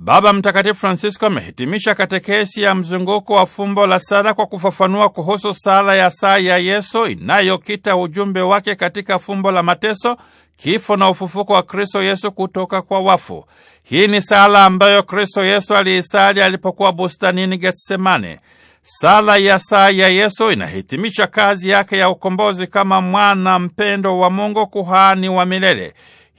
Baba Mtakatifu Francisco amehitimisha katekesi ya mzunguko wa fumbo la sala kwa kufafanua kuhusu sala ya saa ya Yesu inayokita ujumbe wake katika fumbo la mateso, kifo na ufufuko wa Kristo Yesu kutoka kwa wafu. Hii ni sala ambayo Kristo Yesu aliisali alipokuwa bustanini Getsemane. Sala ya saa ya Yesu inahitimisha kazi yake ya ukombozi kama mwana mpendo wa Mungu, kuhani wa milele.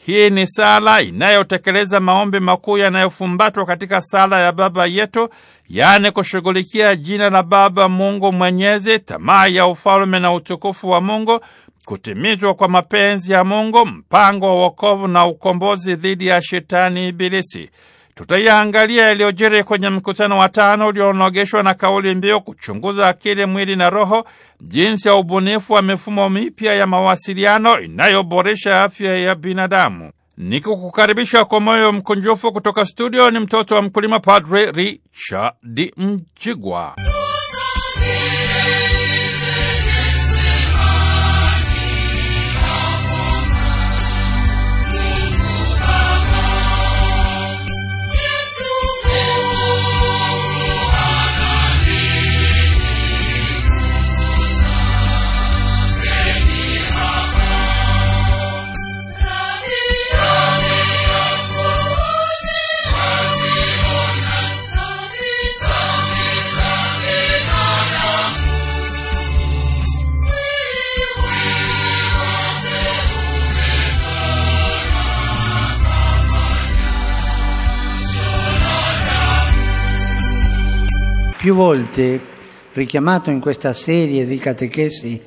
Hii ni sala inayotekeleza maombi makuu yanayofumbatwa katika sala ya Baba Yetu, yaani kushughulikia jina la Baba Mungu Mwenyezi, tamaa ya ufalme na utukufu wa Mungu, kutimizwa kwa mapenzi ya Mungu, mpango wa wokovu na ukombozi dhidi ya shetani ibilisi tutayaangalia yaliyojiri kwenye mkutano wa tano ulionogeshwa na kauli mbiu kuchunguza akili, mwili na roho, jinsi ya ubunifu wa mifumo mipya ya mawasiliano inayoboresha afya ya binadamu. ni kukukaribisha kwa moyo mkunjufu kutoka studio, ni mtoto wa mkulima Padre Richard Mjigwa. più volte richiamato in questa serie di catechesi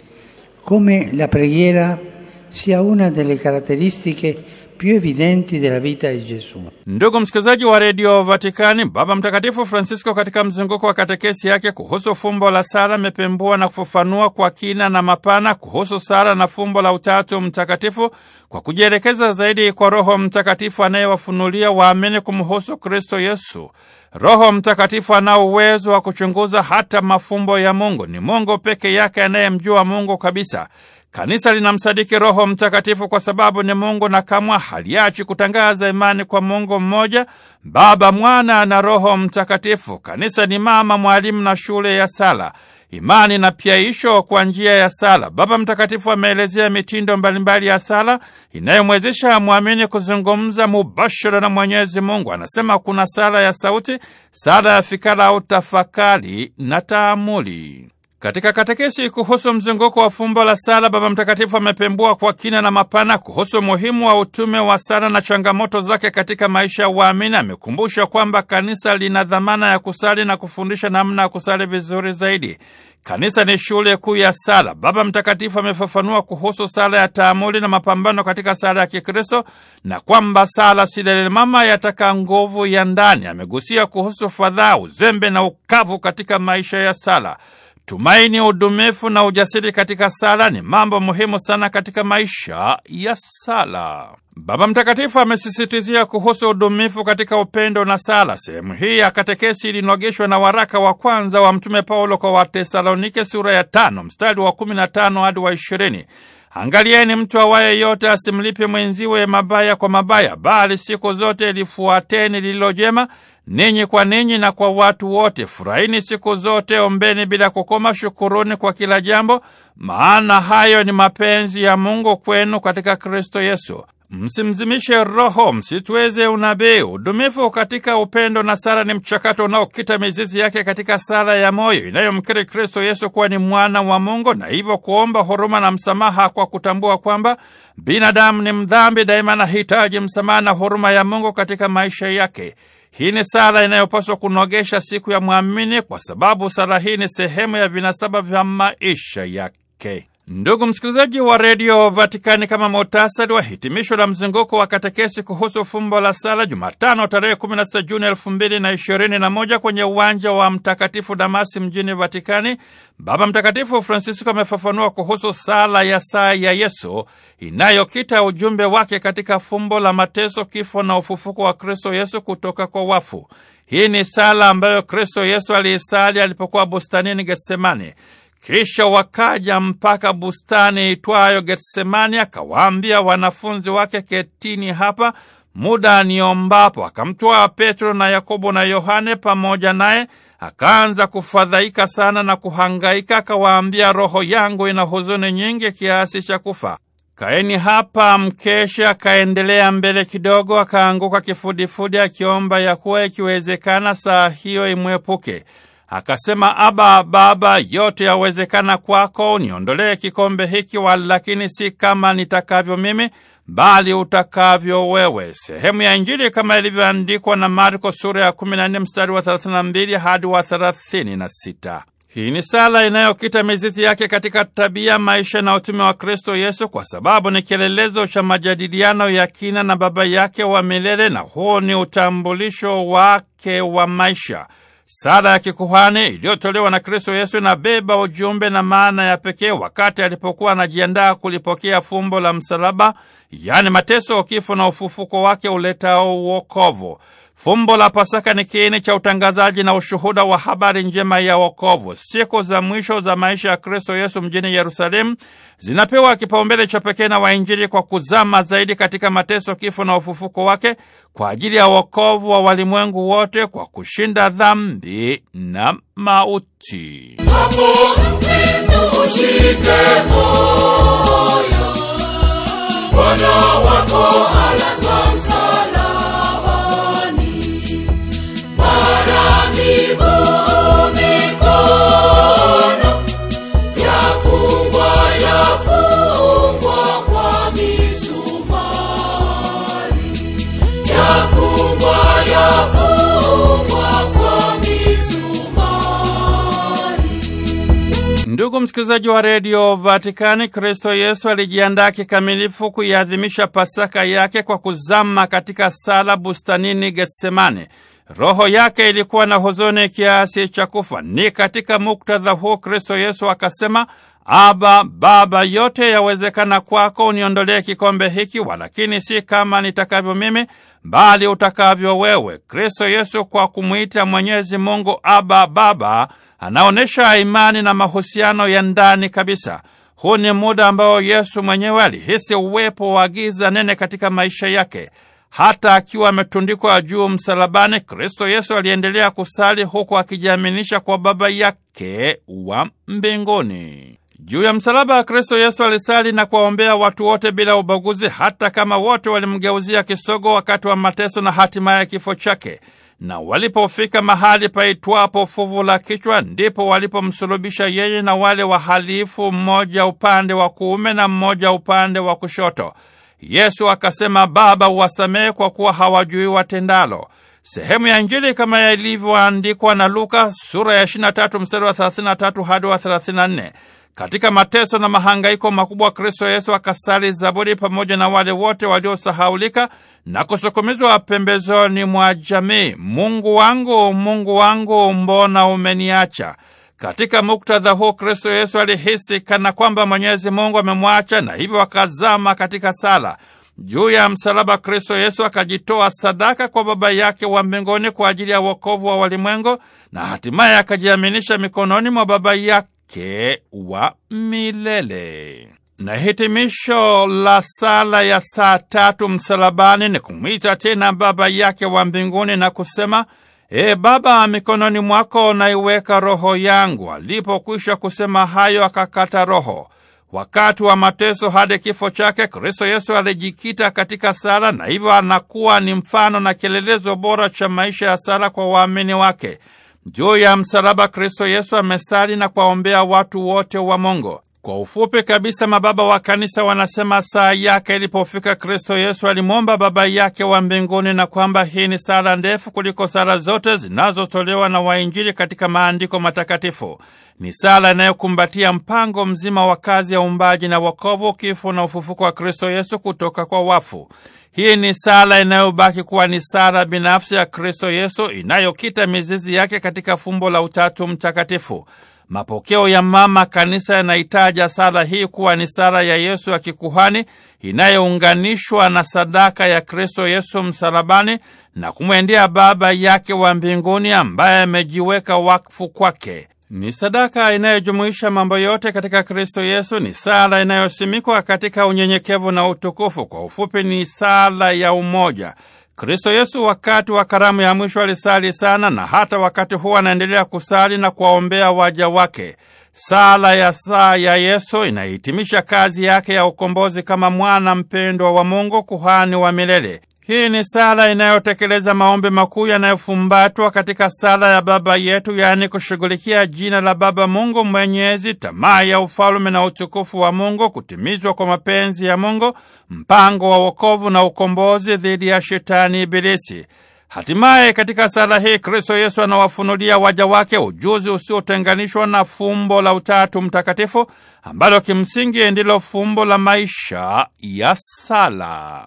come la preghiera sia una delle caratteristiche più evidenti della vita di Gesù. Ndugu msikilizaji wa redio Vatikani, Baba Mtakatifu Francisco katika mzunguko wa katekesi yake kuhusu fumbo la sala amepembua na kufafanua kwa kina na mapana kuhusu sala na fumbo la Utatu Mtakatifu kwa kujielekeza zaidi kwa Roho Mtakatifu anayewafunulia waamini kumhusu Kristo Yesu. Roho Mtakatifu anao uwezo wa kuchunguza hata mafumbo ya Mungu. Ni Mungu peke yake anayemjua Mungu kabisa. Kanisa linamsadiki Roho Mtakatifu kwa sababu ni Mungu na kamwa haliachi kutangaza imani kwa Mungu mmoja, Baba, Mwana na Roho Mtakatifu. Kanisa ni mama, mwalimu na shule ya sala. Imani na piaisho kwa njia ya sala. Baba Mtakatifu ameelezea mitindo mbalimbali ya sala inayomwezesha mwamini kuzungumza mubashara na Mwenyezi Mungu. Anasema kuna sala ya sauti, sala ya fikara au tafakari na taamuli. Katika katekesi kuhusu mzunguko wa fumbo la sala, Baba Mtakatifu amepembua kwa kina na mapana kuhusu umuhimu wa utume wa sala na changamoto zake katika maisha ya waamini. Amekumbusha kwamba kanisa lina dhamana ya kusali na kufundisha namna ya kusali vizuri zaidi. Kanisa ni shule kuu ya sala. Baba Mtakatifu amefafanua kuhusu sala ya taamuli na mapambano katika sala ya Kikristo na kwamba sala si dalili mama, yataka nguvu ya ndani. Amegusia kuhusu fadhaa, uzembe na ukavu katika maisha ya sala. Tumaini, udumifu na ujasiri katika sala ni mambo muhimu sana katika maisha ya sala. Baba Mtakatifu amesisitizia kuhusu udumifu katika upendo na sala. Sehemu hii ya katekesi ilinogeshwa na waraka wa kwanza wa Mtume Paulo kwa Watesalonike sura ya tano mstari wa kumi na tano hadi wa ishirini. Angalieni, mtu awaye yote asimlipe mwenziwe mabaya kwa mabaya, bali siku zote lifuateni lililojema ninyi kwa ninyi na kwa watu wote. Furahini siku zote, ombeni bila kukoma, shukuruni kwa kila jambo, maana hayo ni mapenzi ya Mungu kwenu katika Kristo Yesu. Msimzimishe Roho, msitweze unabii. Udumifu katika upendo na sala ni mchakato unaokita mizizi yake katika sala ya moyo inayomkiri Kristo Yesu kuwa ni mwana wa Mungu, na hivyo kuomba huruma na msamaha kwa kutambua kwamba binadamu ni mdhambi daima, hitaji msamaha na huruma ya Mungu katika maisha yake. Hii ni sala inayopaswa kunogesha siku ya mwamini, kwa sababu sala hii ni sehemu ya vinasaba vya maisha yake. Ndugu msikilizaji wa redio Vatikani, kama muhtasari wa hitimisho la mzunguko wa katekesi kuhusu fumbo la sala, Jumatano tarehe 16 Juni 2021 kwenye uwanja wa Mtakatifu Damasi mjini Vatikani, Baba Mtakatifu Francisco amefafanua kuhusu sala ya saa ya Yesu inayokita ujumbe wake katika fumbo la mateso, kifo na ufufuko wa Kristo Yesu kutoka kwa wafu. Hii ni sala ambayo Kristo Yesu aliisali alipokuwa bustanini getsemani kisha wakaja mpaka bustani itwayo Getsemani, akawaambia wanafunzi wake, ketini hapa muda niombapo. Akamtwaa Petro na Yakobo na Yohane pamoja naye, akaanza kufadhaika sana na kuhangaika. Akawaambia, roho yangu ina huzuni nyingi kiasi cha kufa, kaeni hapa mkesha. Akaendelea mbele kidogo, akaanguka kifudifudi, akiomba ya kuwa ikiwezekana saa hiyo imwepuke. Akasema, Aba Baba, yote yawezekana kwako, niondolee kikombe hiki, walakini si kama nitakavyo mimi, bali utakavyo wewe. Sehemu ya Injili kama ilivyoandikwa na Marko sura ya 14 mstari wa 32 hadi wa 36. Hii ni sala inayokita mizizi yake katika tabia, maisha na utume wa Kristo Yesu, kwa sababu ni kielelezo cha majadiliano ya kina na Baba yake wa milele, na huo ni utambulisho wake wa maisha. Sala ya kikuhani iliyotolewa na Kristo Yesu inabeba ujumbe na maana ya pekee wakati alipokuwa anajiandaa kulipokea fumbo la msalaba, yaani mateso, kifo na ufufuko wake uletao uokovu. Fumbo la Pasaka ni kiini cha utangazaji na ushuhuda wa habari njema ya wokovu. Siku za mwisho za maisha ya Kristo Yesu mjini Yerusalemu zinapewa kipaumbele cha pekee na wainjili kwa kuzama zaidi katika mateso, kifo na ufufuko wake kwa ajili ya wokovu wa walimwengu wote kwa kushinda dhambi na mauti. Hapo Kristo ushike moyo, Bwana wako msikilizaji wa redio Vatikani, Kristo Yesu alijiandaa kikamilifu kuiadhimisha Pasaka yake kwa kuzama katika sala bustanini Getsemane. Roho yake ilikuwa na huzuni kiasi cha kufa. Ni katika muktadha huu Kristo Yesu akasema, Aba, Baba, yote yawezekana kwako, uniondolee kikombe hiki, walakini si kama nitakavyo mimi, bali utakavyo wewe. Kristo Yesu kwa kumwita Mwenyezi Mungu Aba, Baba anaonyesha imani na mahusiano ya ndani kabisa. Huu ni muda ambao Yesu mwenyewe alihisi uwepo wa giza nene katika maisha yake. Hata akiwa ametundikwa juu msalabani, Kristo Yesu aliendelea kusali huku akijiaminisha kwa Baba yake wa mbinguni. Juu ya msalaba, Kristo Yesu alisali na kuwaombea watu wote bila ubaguzi, hata kama wote walimgeuzia kisogo wakati wa mateso na hatimaye kifo chake na walipofika mahali paitwapo fuvu la kichwa, ndipo walipomsulubisha yeye na wale wahalifu, mmoja upande wa kuume na mmoja upande wa kushoto. Yesu akasema, Baba, uwasamehe kwa kuwa hawajui watendalo. Sehemu ya Injili kama yalivyoandikwa na Luka sura ya 23 mstari wa 33 hadi wa 34. Katika mateso na mahangaiko makubwa, Kristo Yesu akasali Zaburi pamoja na wale wote waliosahaulika na kusukumizwa pembezoni mwa jamii: Mungu wangu, Mungu wangu, mbona umeniacha? Katika muktadha huu Kristo Yesu alihisi kana kwamba Mwenyezi Mungu amemwacha na hivyo akazama katika sala. Juu ya msalaba, Kristo Yesu akajitoa sadaka kwa Baba yake wa mbinguni kwa ajili ya wokovu wa walimwengu, na hatimaye akajiaminisha mikononi mwa Baba yake wake wa milele. Na hitimisho la sala ya saa tatu msalabani ni kumwita tena Baba yake wa mbinguni na kusema, E Baba, mikononi mwako naiweka roho yangu. Alipokwisha kusema hayo, akakata roho. Wakati wa mateso hadi kifo chake, Kristo Yesu alijikita katika sala na hivyo anakuwa ni mfano na kielelezo bora cha maisha ya sala kwa waamini wake. Juu ya msalaba Kristo Yesu amesali na kuwaombea watu wote wa Mungu. Kwa ufupi kabisa, mababa wa kanisa wanasema saa yake ilipofika, Kristo Yesu alimwomba Baba yake wa mbinguni, na kwamba hii ni sala ndefu kuliko sala zote zinazotolewa na wainjili katika maandiko matakatifu. Ni sala inayokumbatia mpango mzima wa kazi ya uumbaji na wokovu, kifo na ufufuko wa Kristo Yesu kutoka kwa wafu. Hii ni sala inayobaki kuwa ni sala binafsi ya Kristo Yesu inayokita mizizi yake katika fumbo la Utatu Mtakatifu. Mapokeo ya Mama Kanisa yanaitaja sala hii kuwa ni sala ya Yesu ya kikuhani inayounganishwa na sadaka ya Kristo Yesu msalabani na kumwendea Baba yake wa mbinguni ambaye amejiweka wakfu kwake. Ni sadaka inayojumuisha mambo yote katika Kristo Yesu. Ni sala inayosimikwa katika unyenyekevu na utukufu. Kwa ufupi, ni sala ya umoja. Kristo Yesu wakati wa karamu ya mwisho alisali sana na hata wakati huo anaendelea kusali na kuwaombea waja wake. Sala ya saa ya Yesu inahitimisha kazi yake ya ukombozi kama mwana mpendwa wa Mungu, kuhani wa milele. Hii ni sala inayotekeleza maombi makuu yanayofumbatwa katika sala ya Baba yetu, yaani kushughulikia jina la Baba Mungu Mwenyezi, tamaa ya ufalume na utukufu wa Mungu, kutimizwa kwa mapenzi ya Mungu, mpango wa wokovu na ukombozi dhidi ya shetani Ibilisi. Hatimaye katika sala hii Kristo Yesu anawafunulia waja wake ujuzi usiotenganishwa na fumbo la Utatu Mtakatifu, ambalo kimsingi ndilo fumbo la maisha ya sala.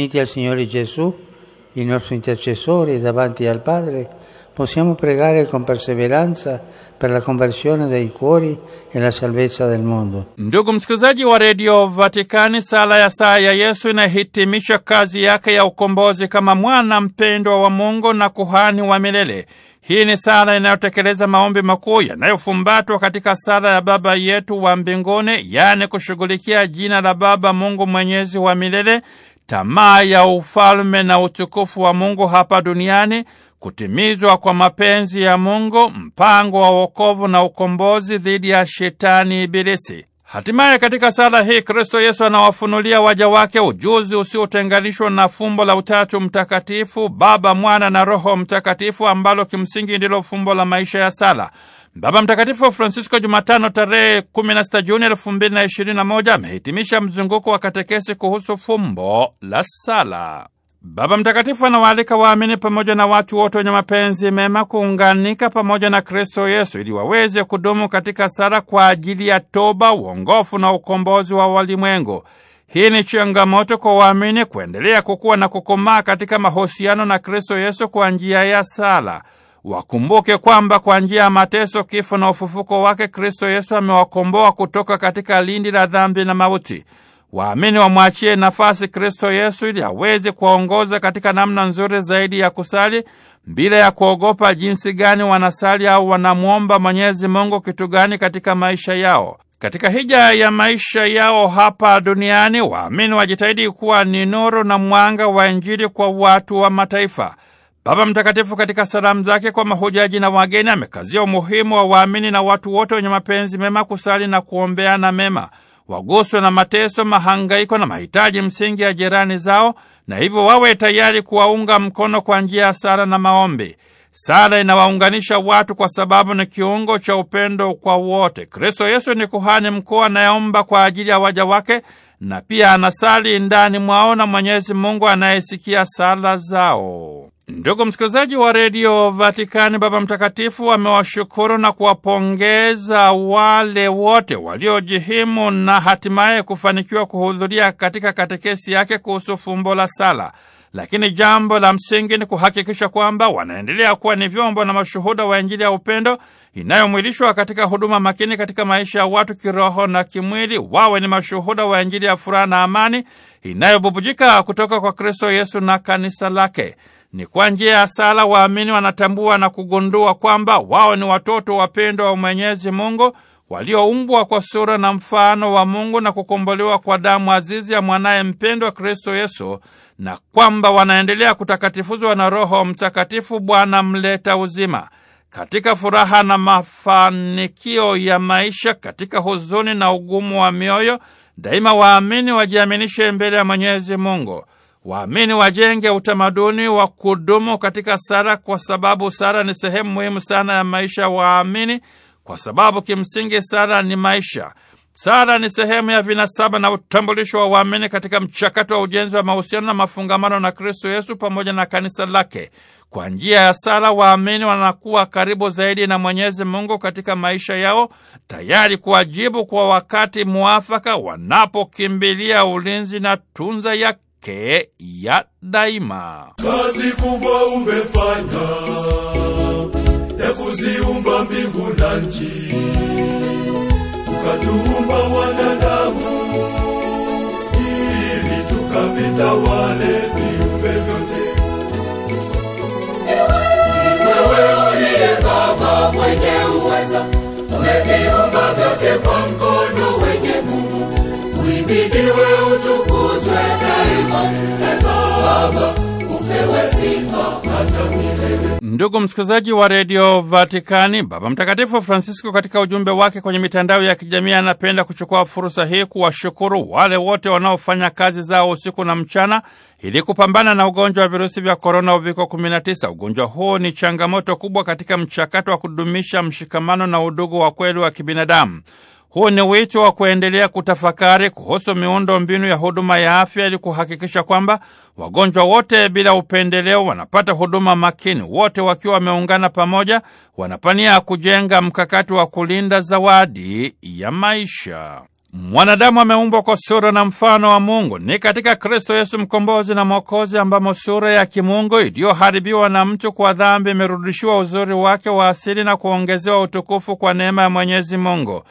uniti al Signore Gesù, il nostro intercessore davanti al Padre, possiamo pregare con perseveranza per la conversione dei cuori e la salvezza del mondo. Ndugu msikilizaji wa redio Vatikani, sala ya saa ya Yesu inahitimisha kazi yake ya ukombozi kama mwana mpendwa wa Mungu na kuhani wa milele. Hii ni sala inayotekeleza maombi makuu yanayofumbatwa katika sala ya Baba yetu wa mbinguni, yaani kushughulikia jina la Baba Mungu mwenyezi wa milele tamaa ya ufalme na utukufu wa Mungu hapa duniani, kutimizwa kwa mapenzi ya Mungu, mpango wa wokovu na ukombozi dhidi ya shetani ibilisi. Hatimaye katika sala hii Kristo Yesu anawafunulia waja wake ujuzi usiotenganishwa na fumbo la Utatu Mtakatifu, Baba, Mwana na Roho Mtakatifu, ambalo kimsingi ndilo fumbo la maisha ya sala. Baba Mtakatifu Francisco Jumatano tarehe 16 Juni 2021 amehitimisha mzunguko wa katekesi kuhusu fumbo la sala. Baba Mtakatifu anawaalika waamini pamoja na watu wote wenye mapenzi mema kuunganika pamoja na Kristo Yesu ili waweze kudumu katika sala kwa ajili ya toba, uongofu na ukombozi wa walimwengu. Hii ni changamoto kwa waamini kuendelea kukuwa na kukomaa katika mahusiano na Kristo Yesu kwa njia ya sala wakumbuke kwamba kwa njia ya mateso, kifo na ufufuko wake Kristo Yesu amewakomboa kutoka katika lindi la dhambi na mauti. Waamini wamwachie nafasi Kristo Yesu ili aweze kuwaongoza katika namna nzuri zaidi ya kusali bila ya kuogopa jinsi gani wanasali au wanamwomba Mwenyezi Mungu kitu gani katika maisha yao. Katika hija ya maisha yao hapa duniani, waamini wajitahidi kuwa ni nuru na mwanga wa Injili kwa watu wa mataifa. Baba Mtakatifu katika salamu zake kwa mahujaji na wageni amekazia umuhimu wa waamini na watu wote wenye mapenzi mema kusali na kuombeana mema, waguswe na mateso, mahangaiko na mahitaji msingi ya jirani zao, na hivyo wawe tayari kuwaunga mkono kwa njia ya sala na maombi. Sala inawaunganisha watu kwa sababu ni kiungo cha upendo kwa wote. Kristo Yesu ni kuhani mkuu anayeomba kwa ajili ya waja wake na pia anasali ndani mwao na Mwenyezi Mungu anayesikia sala zao. Ndugu msikilizaji wa redio Vatikani, Baba Mtakatifu amewashukuru na kuwapongeza wale wote waliojihimu na hatimaye kufanikiwa kuhudhuria katika katekesi yake kuhusu fumbo la sala. Lakini jambo la msingi ni kuhakikisha kwamba wanaendelea kuwa ni vyombo na mashuhuda wa Injili ya upendo inayomwilishwa katika huduma makini katika maisha ya watu kiroho na kimwili. Wawe ni mashuhuda wa Injili ya furaha na amani inayobubujika kutoka kwa Kristo Yesu na kanisa lake. Ni kwa njia ya sala waamini wanatambua na kugundua kwamba wao ni watoto wapendwa wa Mwenyezi Mungu walioumbwa kwa sura na mfano wa Mungu na kukombolewa kwa damu azizi ya mwanaye mpendwa Kristo Yesu, na kwamba wanaendelea kutakatifuzwa na Roho Mtakatifu, Bwana mleta uzima, katika furaha na mafanikio ya maisha, katika huzuni na ugumu wa mioyo. Daima waamini wajiaminishe mbele ya Mwenyezi Mungu. Waamini wajenge utamaduni wa kudumu katika sala, kwa sababu sala ni sehemu muhimu sana ya maisha waamini, kwa sababu kimsingi sala ni maisha. Sala ni sehemu ya vinasaba na utambulisho wa waamini katika mchakato wa ujenzi wa mahusiano na mafungamano na Kristo Yesu pamoja na kanisa lake. Kwa njia ya sala, waamini wanakuwa karibu zaidi na Mwenyezi Mungu katika maisha yao, tayari kuwajibu kwa wakati mwafaka wanapokimbilia ulinzi na tunza yake yake ya daima. Kazi kubwa umefanya ya kuziumba mbingu na nchi, ukatuumba wanadamu ili tukapita wale viumbe vyote. mwenye uweza, umeviumba vyote kwa mkono we utukuzwe daima, Baba upewe sifa hata milele. Ndugu msikilizaji wa redio Vatikani, Baba Mtakatifu Francisco katika ujumbe wake kwenye mitandao ya kijamii anapenda kuchukua fursa hii kuwashukuru wale wote wanaofanya kazi zao usiku na mchana ili kupambana na ugonjwa wa virusi vya korona uviko 19. Ugonjwa huu ni changamoto kubwa katika mchakato wa kudumisha mshikamano na udugu wa kweli wa kibinadamu. Huu ni wito wa kuendelea kutafakari kuhusu miundo mbinu ya huduma ya afya ili kuhakikisha kwamba wagonjwa wote bila upendeleo wanapata huduma makini, wote wakiwa wameungana pamoja, wanapania kujenga mkakati wa kulinda zawadi ya maisha. Mwanadamu ameumbwa kwa sura na mfano wa Mungu. Ni katika Kristo Yesu mkombozi na Mwokozi ambamo sura ya kimungu iliyoharibiwa na mtu kwa dhambi imerudishiwa uzuri wake wa asili na kuongezewa utukufu kwa neema ya Mwenyezi Mungu.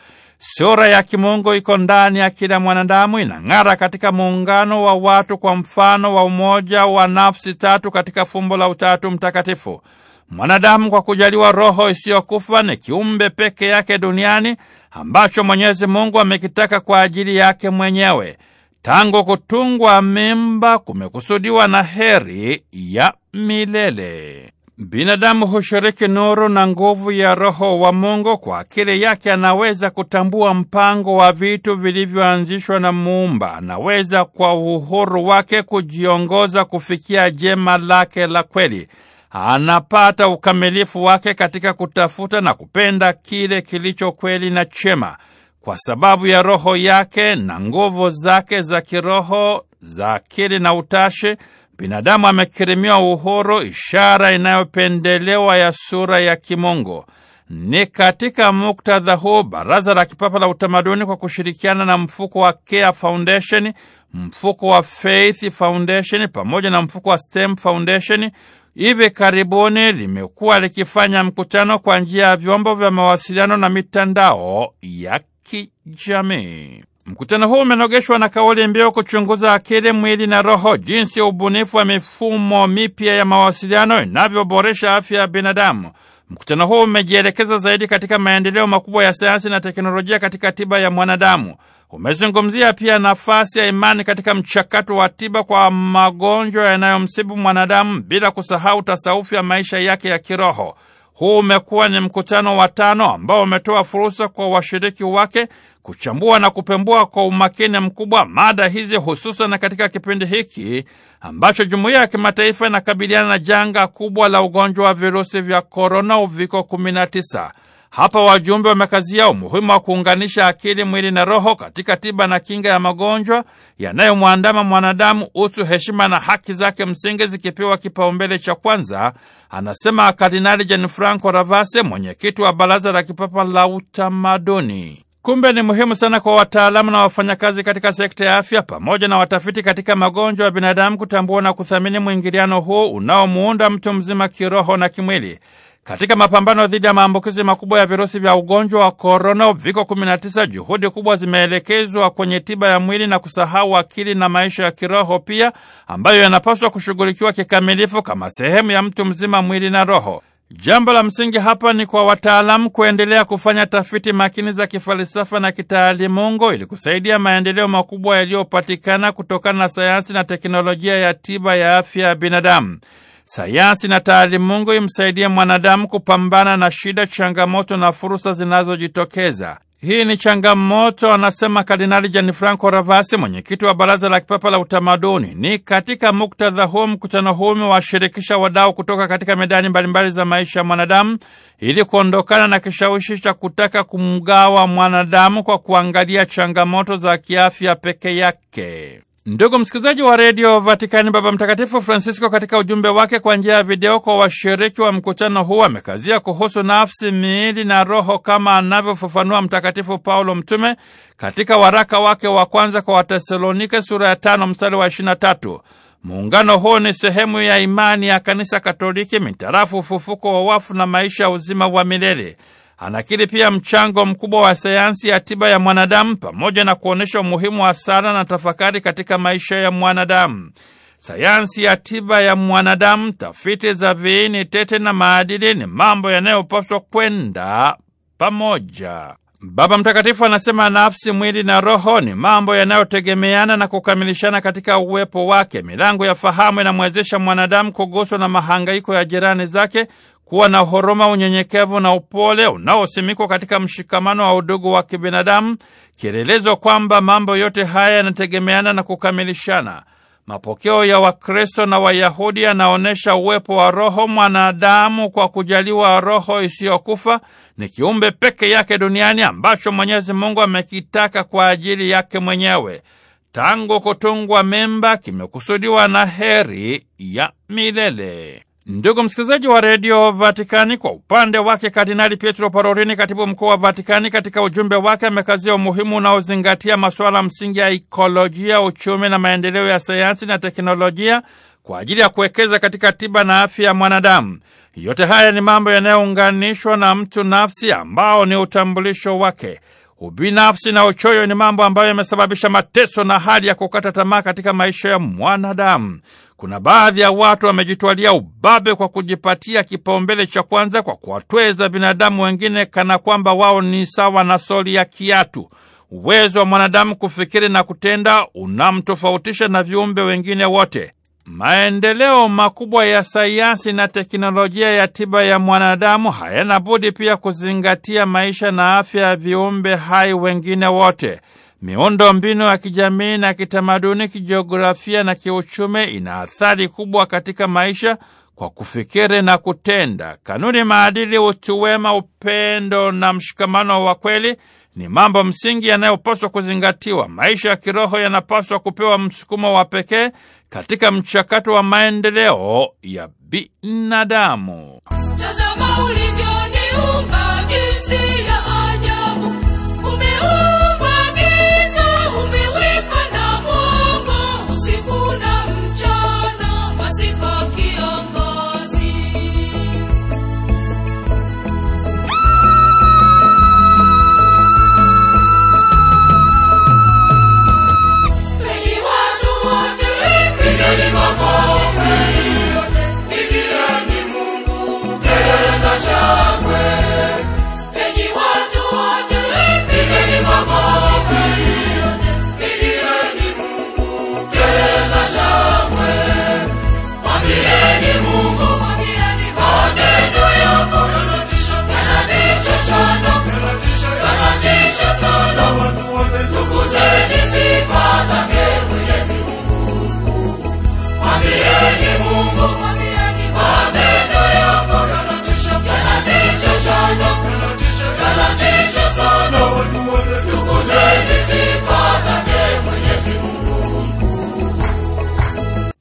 Sura ya kimungu iko ndani ya kila mwanadamu, inang'ara katika muungano wa watu kwa mfano wa umoja wa nafsi tatu katika fumbo la Utatu Mtakatifu. Mwanadamu kwa kujaliwa roho isiyokufa ni kiumbe peke yake duniani ambacho Mwenyezi Mungu amekitaka kwa ajili yake mwenyewe. Tangu kutungwa mimba kumekusudiwa na heri ya milele. Binadamu hushiriki nuru na nguvu ya Roho wa Mungu. Kwa akili yake anaweza kutambua mpango wa vitu vilivyoanzishwa na Muumba. Anaweza kwa uhuru wake kujiongoza kufikia jema lake la kweli. Anapata ukamilifu wake katika kutafuta na kupenda kile kilicho kweli na chema, kwa sababu ya Roho yake na nguvu zake za kiroho, za akili na utashi. Binadamu amekirimiwa uhuru, ishara inayopendelewa ya sura ya kimungu. Ni katika muktadha huu Baraza la Kipapa la Utamaduni kwa kushirikiana na mfuko wa Care Foundation, mfuko wa Faith Foundation pamoja na mfuko wa STEM Foundation hivi karibuni limekuwa likifanya mkutano kwa njia ya vyombo vya mawasiliano na mitandao ya kijamii. Mkutano huu umenogeshwa na kauli mbiu kuchunguza akili, mwili na roho, jinsi ubunifu wa mifumo mipya ya mawasiliano inavyoboresha afya ya binadamu. Mkutano huu umejielekeza zaidi katika maendeleo makubwa ya sayansi na teknolojia katika tiba ya mwanadamu. Umezungumzia pia nafasi ya imani katika mchakato wa tiba kwa magonjwa yanayomsibu mwanadamu, bila kusahau tasaufi ya maisha yake ya kiroho. Huu umekuwa ni mkutano wa tano ambao umetoa fursa kwa washiriki wake kuchambua na kupembua kwa umakini mkubwa mada hizi, hususan katika kipindi hiki ambacho jumuiya ya kimataifa inakabiliana na janga kubwa la ugonjwa wa virusi vya korona, uviko 19. Hapa wajumbe wamekazia umuhimu wa kuunganisha akili, mwili na roho katika tiba na kinga ya magonjwa yanayomwandama mwanadamu, utu, heshima na haki zake msingi zikipewa kipaumbele cha kwanza, anasema Kardinali Gianfranco Ravase, mwenyekiti wa Baraza la Kipapa la Utamaduni. Kumbe ni muhimu sana kwa wataalamu na wafanyakazi katika sekta ya afya pamoja na watafiti katika magonjwa ya binadamu kutambua na kuthamini mwingiliano huu unaomuunda mtu mzima kiroho na kimwili. Katika mapambano dhidi ya maambukizi makubwa ya virusi vya ugonjwa wa korona uviko 19, juhudi kubwa zimeelekezwa kwenye tiba ya mwili na kusahau akili na maisha ya kiroho pia, ambayo yanapaswa kushughulikiwa kikamilifu kama sehemu ya mtu mzima mwili na roho. Jambo la msingi hapa ni kwa wataalamu kuendelea kufanya tafiti makini za kifalsafa na kitaalimungo ili kusaidia maendeleo makubwa yaliyopatikana kutokana na sayansi na teknolojia ya tiba ya afya ya binadamu. Sayansi na taalimungu imsaidie mwanadamu kupambana na shida, changamoto na fursa zinazojitokeza. Hii ni changamoto, anasema Kardinali Gianfranco Ravasi, mwenyekiti wa Baraza la Kipapa la Utamaduni. Ni katika muktadha huo mkutano huu umewashirikisha wadau kutoka katika medani mbalimbali za maisha ya mwanadamu ili kuondokana na kishawishi cha kutaka kumgawa mwanadamu kwa kuangalia changamoto za kiafya peke yake. Ndugu msikilizaji wa redio Vatikani, Baba Mtakatifu Francisco katika ujumbe wake kwa njia ya video kwa washiriki wa mkutano huu amekazia kuhusu nafsi, miili na roho kama anavyofafanua Mtakatifu Paulo Mtume katika waraka wake wa kwanza kwa Watesalonike sura ya tano mstari wa ishirini na tatu. Muungano huu ni sehemu ya imani ya Kanisa Katoliki mitarafu ufufuko wa wafu na maisha ya uzima wa milele. Anakiri pia mchango mkubwa wa sayansi ya tiba ya mwanadamu pamoja na kuonyesha umuhimu wa sala na tafakari katika maisha ya mwanadamu. Sayansi ya tiba ya mwanadamu, tafiti za viini tete na maadili ni mambo yanayopaswa kwenda pamoja. Baba Mtakatifu anasema nafsi, mwili na roho ni mambo yanayotegemeana na kukamilishana katika uwepo wake. Milango ya fahamu inamwezesha mwanadamu kuguswa na mahangaiko ya jirani zake kuwa na huruma, unyenyekevu na upole unaosimikwa katika mshikamano wa udugu wa kibinadamu, kielelezo kwamba mambo yote haya yanategemeana na kukamilishana. Mapokeo ya Wakristo na Wayahudi yanaonyesha uwepo wa roho mwanadamu. Kwa kujaliwa roho isiyokufa, ni kiumbe peke yake duniani ambacho Mwenyezi Mungu amekitaka kwa ajili yake mwenyewe. Tangu kutungwa mimba, kimekusudiwa na heri ya milele. Ndugu msikilizaji wa redio Vatikani, kwa upande wake Kardinali Pietro Parolini, katibu mkuu wa Vatikani, katika ujumbe wake amekazia umuhimu unaozingatia masuala msingi ya ikolojia, uchumi na maendeleo ya sayansi na teknolojia kwa ajili ya kuwekeza katika tiba na afya ya mwanadamu. Yote haya ni mambo yanayounganishwa na mtu nafsi, ambao ni utambulisho wake. Ubinafsi na uchoyo ni mambo ambayo yamesababisha mateso na hali ya kukata tamaa katika maisha ya mwanadamu. Kuna baadhi ya watu wamejitwalia ubabe kwa kujipatia kipaumbele cha kwanza kwa kuwatweza binadamu wengine kana kwamba wao ni sawa na soli ya kiatu. Uwezo wa mwanadamu kufikiri na kutenda unamtofautisha na viumbe wengine wote. Maendeleo makubwa ya sayansi na teknolojia ya tiba ya mwanadamu hayana budi pia kuzingatia maisha na afya ya viumbe hai wengine wote miundo mbinu ya kijamii na kitamaduni, kijiografia na kiuchumi ina athari kubwa katika maisha kwa kufikiri na kutenda. Kanuni, maadili, utu wema, upendo na mshikamano wa kweli ni mambo msingi yanayopaswa kuzingatiwa. Maisha ya kiroho yanapaswa kupewa msukumo wa pekee katika mchakato wa maendeleo ya binadamu.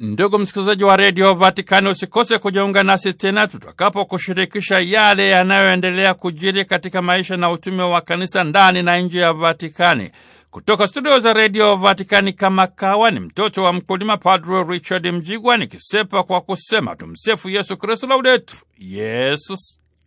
Ndugu msikilizaji wa redio Vatikani, usikose kujiunga nasi tena tutakapo kushirikisha yale yanayoendelea kujiri katika maisha na utume wa kanisa ndani na nje ya Vatikani. Kutoka studio za redio Vatikani, kama kawa ni mtoto wa mkulima, Padre Richard Mjigwa nikisepa kwa kusema tumsefu Yesu Kristu, laudetu Yesus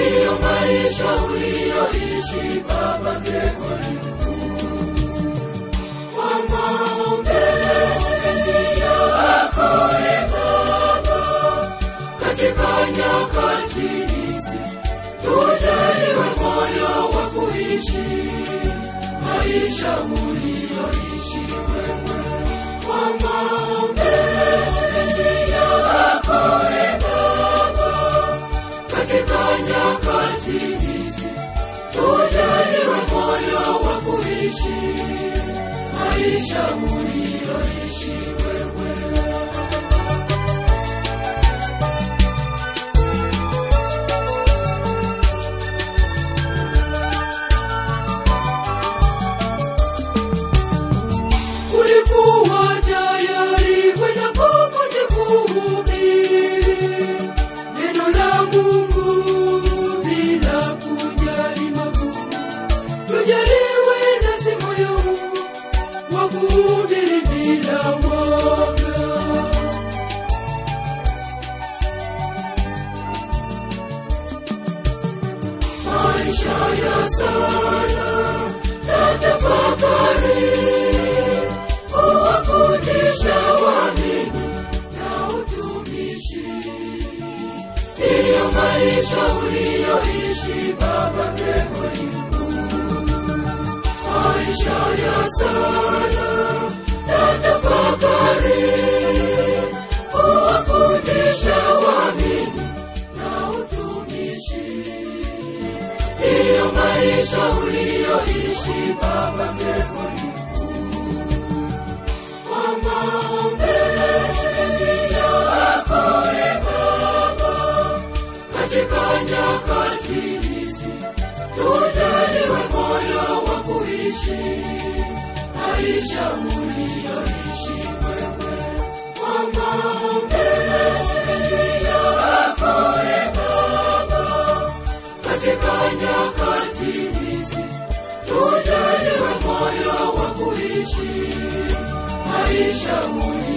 ndiyo maisha uliyoishi baba Gregori Mkuu. Wamaombezi yako e tujaliwe moyo wa kuishi maisha uliyoishi wewe. Wamaombezi yako e Baba, katika nyakati hizi tujaliwe moyo wa kuishi maisha uliyoishiwe maisha ulioishi Baba mbinguni e katika nyakati tujaliwe moyo wa kuishi maisha wewe kwa maombezi yako e baba katika nyakati ujaliwe moyo wa kuishi maisha muli